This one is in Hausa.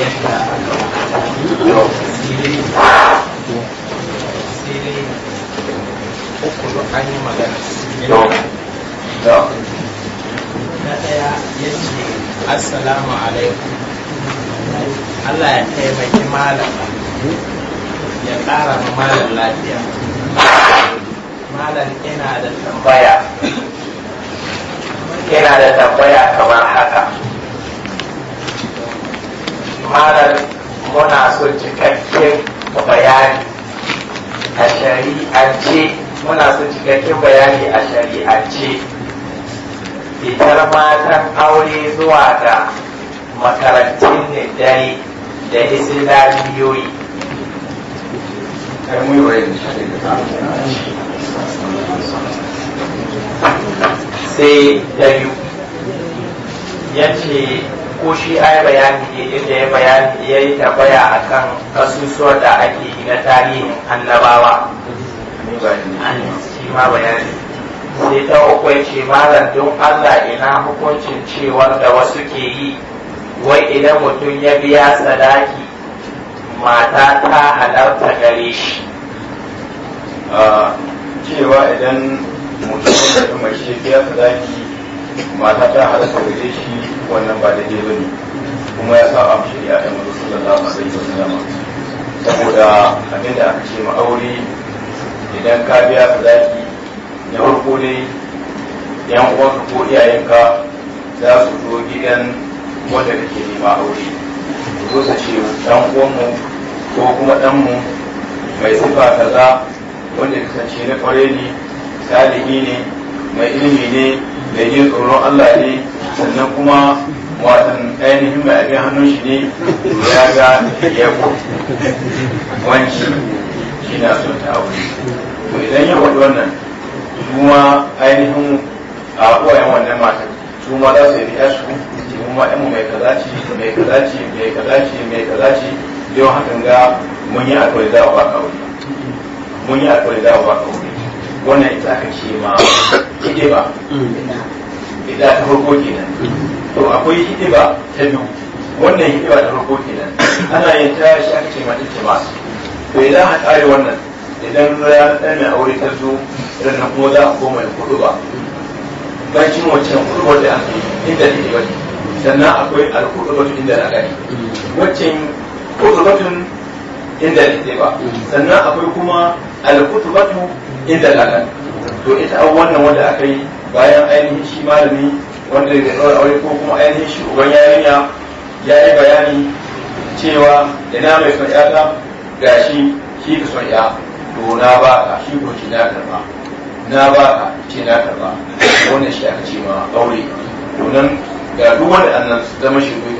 an yi magana na ɗaya ya ce assalamu Allah ya taimaki malam ya ƙara ma malam lafiya malam ina da tambaya malam muna so cikakken bayani a shari'ance muna so cikakken bayani a shari'ance fitar matan aure zuwa ga makarantun dare da islamiyoyi sai da ya ce ko shi yi bayani inda ya bayani ya yi tabaya a kan kasusuwar da ake yi na tarihin annabawa shi ma bayani sai ta uku ce malam don allah ina hukuncin cewar da wasu ke yi wai idan mutum ya biya sadaki mata ta halarta gare shi cewa idan mutum ya biya sadaki mata ta halatta waje shi wannan ba da ba ne kuma ya sa amshi ya yi mutu sallallahu alaihi wa sallam saboda abin da aka ce ma aure idan ka biya zaki da farko ne yan uwanka ko iyayenka za su zo gidan wanda kake nema aure zo su ce dan uwanmu ko kuma danmu mai sifa kaza wanda kasance na kware ne salihi ne mai ilimi ne da yin tsoron Allah ne sannan kuma watan ainihin mai abin hannun shi ne ya ga yabo wanci shi na son ta abu to idan ya faɗi wannan kuma ainihin a uwayen wannan mata su ma za su yi riya su ce kuma ɗan mai kazaci mai kazaci mai kazaci mai kazaci ce don hakan ga mun yi akwai za a ba ka mun yi akwai za a ba ka wannan ita aka ce ma hidiba idan ta farko kenan to akwai hidiba ta biyu wannan hidiba ta farko kenan ana yin ta shi aka ce ma ba to idan a kare wannan idan ya ɗan mai aure ta zo idan na kuma za a koma da kudu ba wacce wancan kudu wanda aka yi inda ne wani sannan akwai alkudu batun inda na gani wancan kudu batun inda ne ba sannan akwai kuma alkudu batun idan akan to ita an wannan wanda aka yi bayan ainihin shi malami wanda ya ɗaura aure ko kuma ainihin shi uban yarinya ya yi bayani cewa ina mai son yata ga shi shi ka son ya to na ba ka shi ko ki na karba na ba ka ce na karba wannan shi aka ce ma aure to nan ga duk wanda annan zama shi